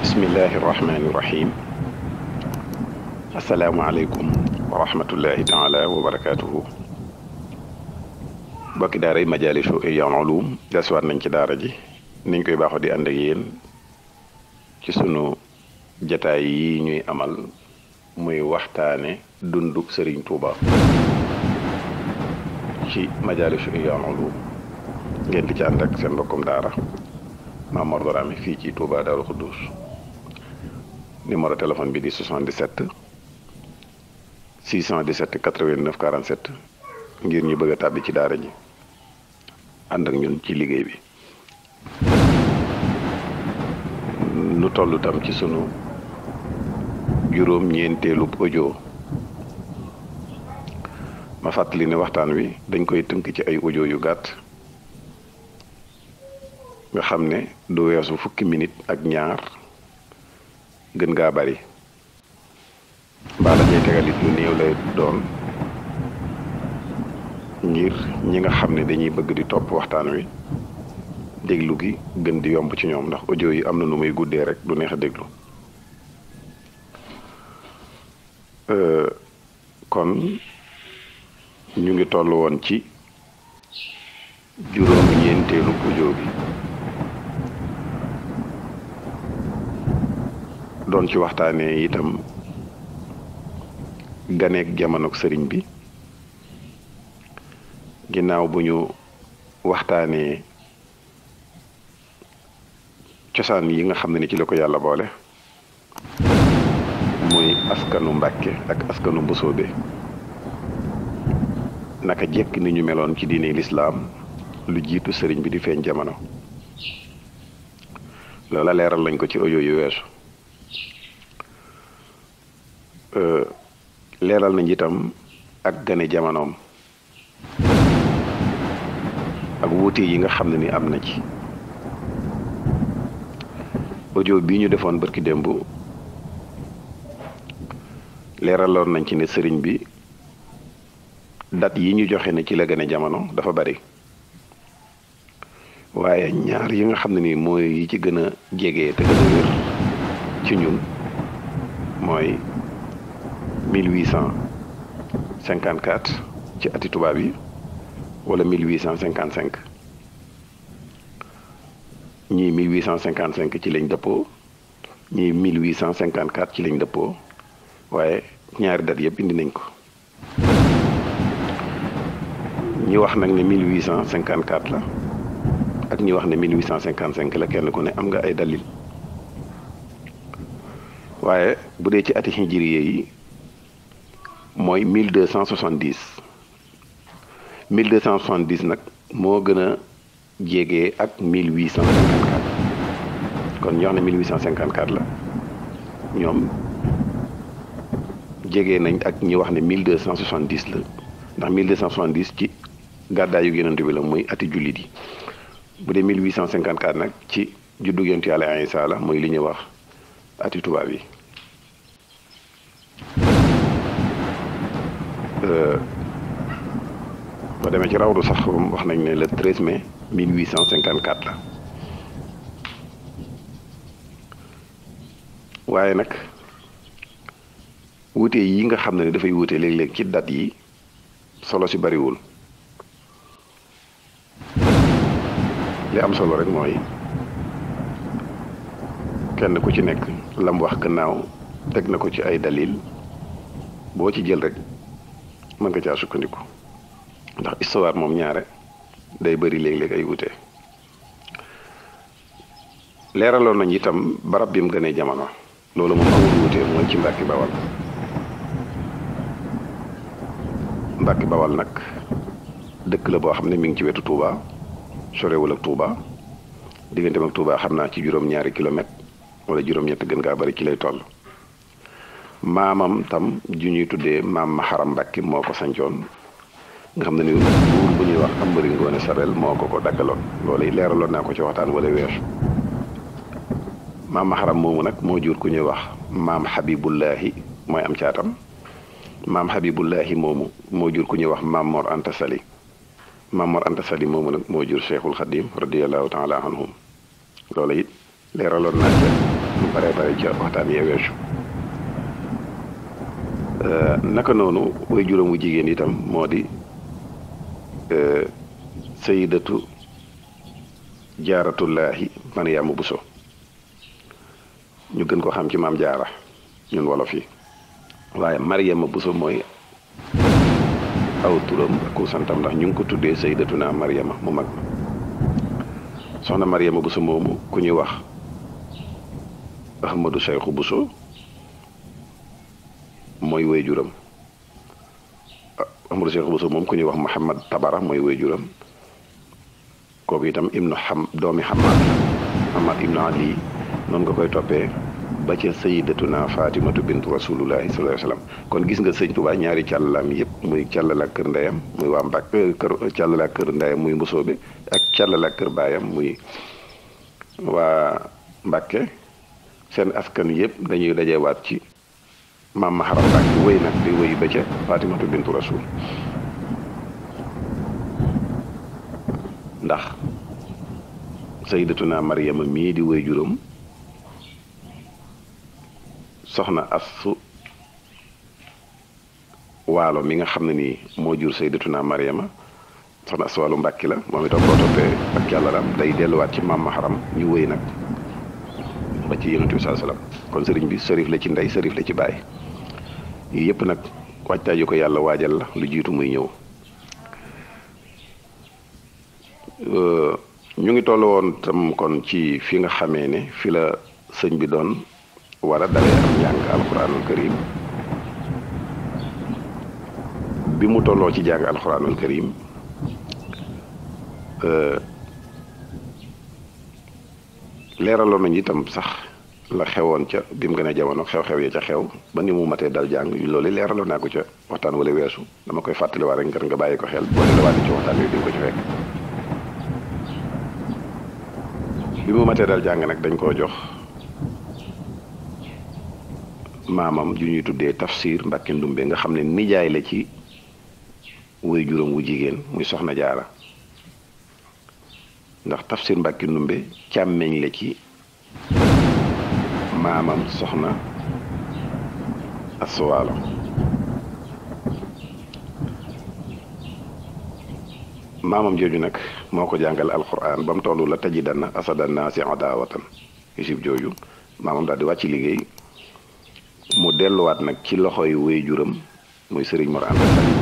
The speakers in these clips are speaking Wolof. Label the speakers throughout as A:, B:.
A: bismillahi irrahmani irrahim wa rahmatullahi taala wa barakatuhu bokki daaray majaalisu Ihyaul Ulum desuwaat nañ ci daara ji niñ koy baaxoo di ànd ak ci sunu jataay yi ñuy amal muy waxtaane dundu Sëriñ Tuuba ci majaalisu Ihyaul Ulum ngeen di ci ànd ak seen mbokkum daara Maam Mor Dramé fii ci Touba Daaru Xuddus numéro téléphone bi di 77 617 89 ngir ñu bëgg a ci daara ji ànd ak ñun ci liggéey bi lu toll tam ci sunu juróom-ñeenteelu audio ma fàttali ne waxtaan wi dañ koy tënk ci ay audio yu gàtt nga xam ne du weesu fukki minit ak ñaar. gën ga bari mbaa daf ñuy tegalit lu néew lay doon ngir ñi nga xamné dañuy bëgg di top waxtaan wi déglu gi gën di yomb ci ñoom ndax audio yi amna na nu muy guddé rek du neex a déglu eh, kon ñu ngi tollu won ci juroom ñeenteelu audio bi Don ci waxtaanee itam ganeeg jamonoog sëriñ bi ginnaaw bu ñu waxtaanee cosaan yi nga xam ne ni ci la ko yàlla boole muy askanu mbàkke ak askanu mbusoobe naka jekk ni ñu meloon ci diine lislaam lu jiitu sëriñ bi di feeñ jamono loola leeral lañ ko ci oyo yu weesu Euh, leeral nañ itam ak gane jamonoom ak wuute yi nga xam ne ni am na ci audio bii ñu defoon barki démb leeraloon nañ ci ne sëriñ bi dat yi ñu joxe ne ci la gane jamono dafa bari waaye ñaar yi nga xam ne ni mooy yi ci gën a jege te gën a wér ci ñun mooy 1854 ci ati tubaab yi wala 1855 ñii 1855 ci lañ dëppoo ñii 1854 ci lañ dëppoo waaye ñaari dat yëpp indi nañ ko ñi wax nag ne 1854 la ak ñi wax ne 1855 la kenn ku ne am nga ay dalil waaye bu dee ci ati hijriye yi moi 1270 1270 nak mo gëna jégué ak 1854 kon j'en ai 1854 la ñom jégué nañ ak ñi wax né 1270 la ndax 1270 ci gadda yu gënëntu bi la muy ati julit yi bu dé 1854 nak ci juddu yent yalla la muy li ñu wax tuba bi ba euh, demee ci rawdu sax wax nañ ne le 13 mai 1854 la waaye nag wuute yi nga xam ne dafay wuute léeg-léeg ci dat yi solo si bariwul li am solo rek mooy kenn ku ci nekk lam wax gannaaw teg na ko ci ay dalil boo ci jël rek mën nga caa sukkandiku ndax histoire moom ñaare day bëri léeg-léeg ay wute leeraloon nañ itam barab bi mu gënee jamono loolu moom amul wutee mooy ci Mbàkke Bawal Mbàkke Bawal nag dëkk la boo xam ne mi ngi ci wetu Touba sorewul ak Touba digganteem ak Touba xam naa ci juróom-ñaari kilomètre wala juróom-ñett gën ngaa bari ci lay toll maamam tam ju ñuy tuddee maam Maxaram Mbàkke moo ko sancoon nga xam ne ni buur bu ñuy wax am bëri ngoone sabel moo ko ko daggaloon loolu yi leeraloon naa ko ci waxtaan wala weer maam Maxaram moomu nag moo jur ku ñuy wax maam Habibullahi mooy am caatam maam Habibullahi moomu moo jur ku ñuy wax maam Mor Anta Sali maam Mor Anta Sali moomu nag moo jur Cheikhul Xadim radiyallahu taala anhum loolu it leeraloon naa ko ci waxtaan yee weesu Euh, naka noonu way juróomu jigéen itam moo di euh, sayidatu jaaratullaahi Mariama Buso ñu gën ko xam ci maam jaara ñun wolof yi waaye Mariama Buso mooy aw turam ak santam ndax ñu ngi ko tuddee sayyidatuna Mariama mu mag ma soxna Mariama Buso moomu ku ñuy wax Ahmadou Cheikhu Buso mooy waajuram Ahmadou Cheikh Bousso moom ku ñuy wax Mouhamad Tabara mooy waajuram kooku itam ibnu xam doomi Hamad Hamad ibnu Ali noonu nga koy toppee ba ca sayyidatuna Fatimatu bintu rasulullahi sallallahu alayhi wa sallam kon gis nga sëñ Tuubaa ñaari càllalaam yëpp muy càllala kër ndeyam muy waa eh, kër càllala kër ndeyam muy ak càllala kër baayam muy waa Mbàkke seen askan yëpp dañuy dajewaat ci maam Maharam Mbacke wéy nag di wéy ba ca Fatimatu bintu Rasul ndax sayyidatuna Maryama mii di woy juróom soxna Assu waalo mi nga xam ne nii moo jur sayyidatuna Maryama soxna Assu waalo Mbacke la moom itam boo toppee ak yàlla daal day delluwaat ci maam Maharam ñu wéy nag ba ci yonent bi saa kon sëriñ bi sërif la ci ndey sërif la ci baay Iya yépp nag wàccaay yu ko yàlla waajal la lu jiitu muy ñëw ñu ngi toll woon tam kon ci fi nga xamee ne fi la sëñ bi doon war a dalee am bi mu tolloo ci jàng nañ itam sax la xewoon ca bi mu gën a xew-xew yi ca xew ba ni mu matee dal jàng loolu leeraloon naa ko ca waxtaan wala weesu dama koy fàttali fàttaliwaat rek nga bàyyi ko xel boo delluwaatee ci waxtaan yooyu di mu matee dal jàng nag dañ koo jox maamam ju ñuy tuddee tafsir Mbàkke Ndumbe nga xam ne nijaay la ci woy juróom wu jigéen muy Soxna Jaara ndax tafsir Mbàkke Ndumbe càmmeñ la ci. maamam soxna aswaalo maamam jooju nag moo ko jàngal alquran ba mu toll la tajidanna asadan naasi adaawatan Yuusuf jooju maamam daal di wàcc liggéey mu delluwaat nag ci loxoy waajuram muy sëriñ Mor Anta Sali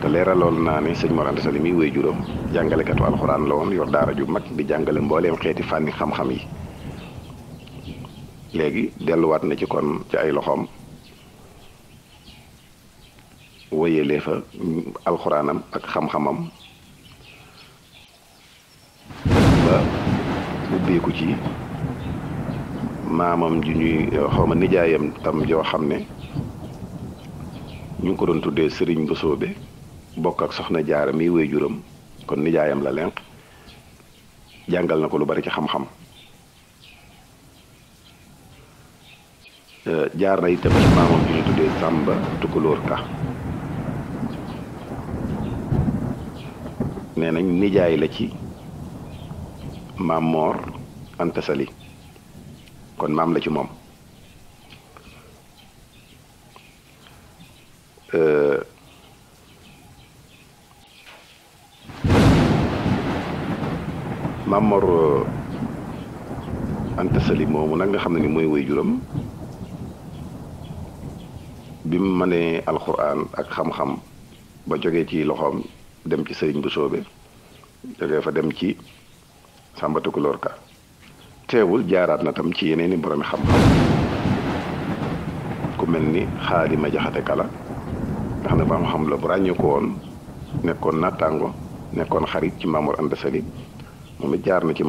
A: te leeraloon naa ne sëñ Mor Anta Sali mi waajuram jàngalekatu alxuraan la woon yor daara ju mag di jàngale mbooleem xeeti fànni xam-xam yi léegi delluwaat na ci kon ci ay loxoom wéyalee fa alxuraanam ak xam-xamam ba ubbeeku ci maamam ju ñuy euh, xawma nijaayam tam joo xam ne ñu ngi ko doon tuddee sëriñ Bosoobe bokk ak soxna jaara mi wéy kon nijaayam la lenq jàngal na ko lu bari ci xam-xam Eh, jaar na itam ci maamam bi ñu tuddee sàmba tukkulóor ka nee nañ nijaay la ci maam moor antasali kon maam la ci moom maam moor antasali moomu nag nga xam ne ni bim mu mënee alxuraan ak xam-xam ba jógee ci loxom dem ci serigne bu soobe jógee fa dem ci sambatu ko lorka teewul jaarat na tam ci yeneen borom xam ku melni ni xaalima jaxate kala nga xam ne ba xam la bu won nekkon na tango nekkon xarit ci Mamour ande salim mom jaar na ci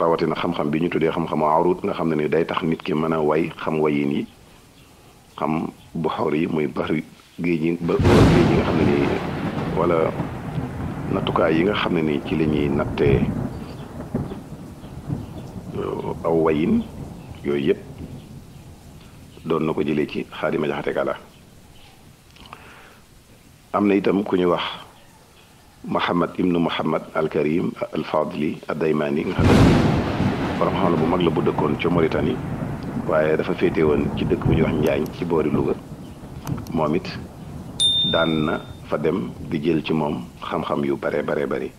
A: rawati na xam-xam bi ñu tuddee xam-xamu nga xam ni day tax nit ki mëna way xam wayini xam bu xawr yi muy baxar géej yi nga xam ne nii wala nattukaay yi nga xam ne nii ci la ñuy nattee euh, aw wayin yooyu yëpp doon na ko jëlee ci xaadima jaxate kala am na itam ku wax Muhammad ibnu Muhammad al al Fadli ad nga xam ne borom xam bu mag la bu dëkkoon ca Mauritanie waaye dafa féete woon ci dëkk bu ñuy wax Njaañ ci boori Louga moom it daan na fa dem di jël ci moom xam-xam yu bare bare bari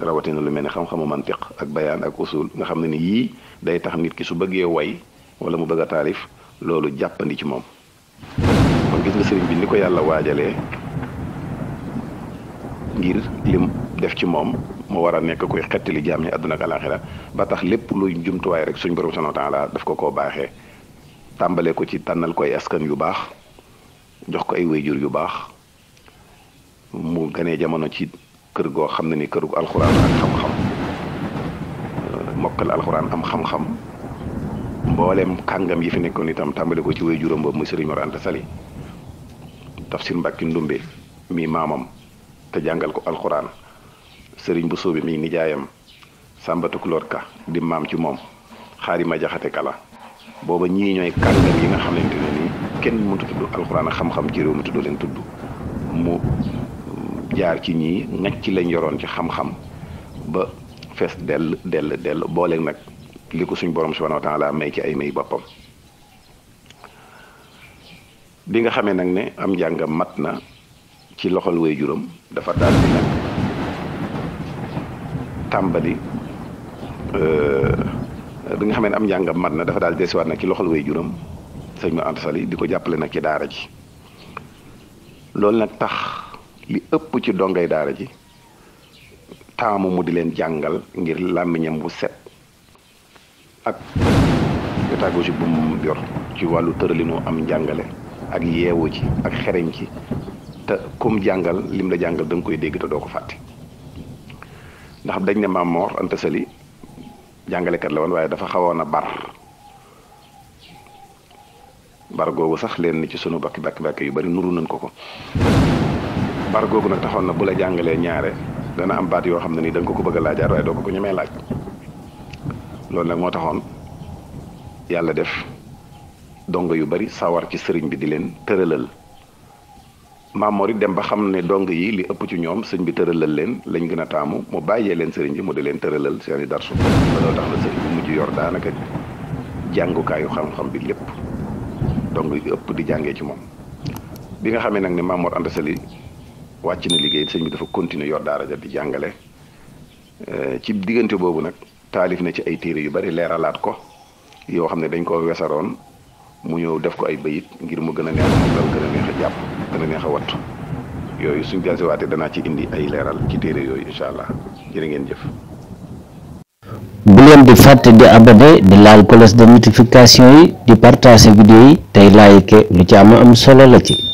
A: rawatina lu mel ni xam-xamu mantiq ak bayaan ak usul nga xam ne ni yii day tax nit ki su bëggee way wala mu bëgg a taalif loolu jàppandi ci moom kon gis nga sëriñ bi ni ko yàlla waajalee ngir lim def ci moom moo war a nekk kuy xettali jaam ni àdduna ak alaxira ba tax lépp luy jumtuwaay rek suñ borom subhanahu wa taala daf ko koo baaxee tàmbale ko ci tànnal ko askan yu baax jox ko ay wéyjur yu baax mu ganee jamono ci kër goo xam ne ni kër gu ak xam-xam alxuraan am xam-xam mboolem kàngam yi fi nekkoon itam tàmbale ko ci wéyjuram boobu muy Sëriñ Mor Anta Sali Tafsir Mbàkki Ndumbe mi maamam te jàngal ko alxuraan serigne bu soobi mi nijaayam sàmbatu kuloor ka di mam ci xari ma jaxate kala boba ñi ñoy kàngam yi nga xamanteni ni kenn mënta tudd alxuraan xam-xam ci réew mi tudd leen tudd mu jaar ci ñii ngacc lañ yoroon ci xam-xam ba fess del del del. boole nag li ko suñ borom subhanahu wa taala may ci ay may bopam bi nga xamé nak ne am njàngam matna ci loxol dafa daal nak tàmbali euh, bi nga xamee ne am njàngam mat na dafa daal desiwaat na ci loxol way juróom sëñ ma antasali di ko jàppale nag ci daara ji loolu nag tax li ëpp ci dongay daara ji taamu mu di leen jàngal ngir làmmiñam wu set ak pédagogie bu mu yor ci wàllu tëralinu am njàngale ak yeewu ci ak xereñ ci te kom jàngal lim la jàngal da nga koy dégg te doo ko fàtte ndax dañ ne maam Mor Anta Sali jàngalekat la woon waaye dafa xawoon a bar bar googu sax leen ni ci sunu bakki bakki bakki yu bari nuru nañ ko ko bar googu nag taxoon na bu la jàngalee ñaare dana am baat yoo xam ne nii da ko ko bëgg a laajaat waaye doo ko ko ñemee laaj loolu nag moo taxoon yàlla def dongo yu bari sawar ci sëriñ bi di leen tëralal. maam yi dem ba xam ne dong yii li ëpp ci ñoom sëñ bi tëralal leen lañ gën a taamu mu bàyyee leen sëriñ bi mu di leen tëralal seen i darsu ba tax na sëriñ bi mujj yor daanaka jàngukaayu xam-xam bi lépp dong yi ëpp di jàngee ci moom. bi nga xamee nag ne maam Mor Anta wàcc na liggéey sëñ bi dafa continuer yor daara ja di jàngale eh, ci diggante boobu nag taalif na ci ay téere yu bari leeralaat ko yoo xam ne dañ koo wesaroon mu ñëw def ko ay bayit ngir mu gën a neex moom gën a neex a jàpp. dana neex yooyu suñ dellusiwaatee danaa ci indi ay leeral ci téere yooyu incha allah jërë ngeen leen di fàtte di abonné di laal cloche de notification yi di partager vidéo yi tey like lu ci am am solo la ci.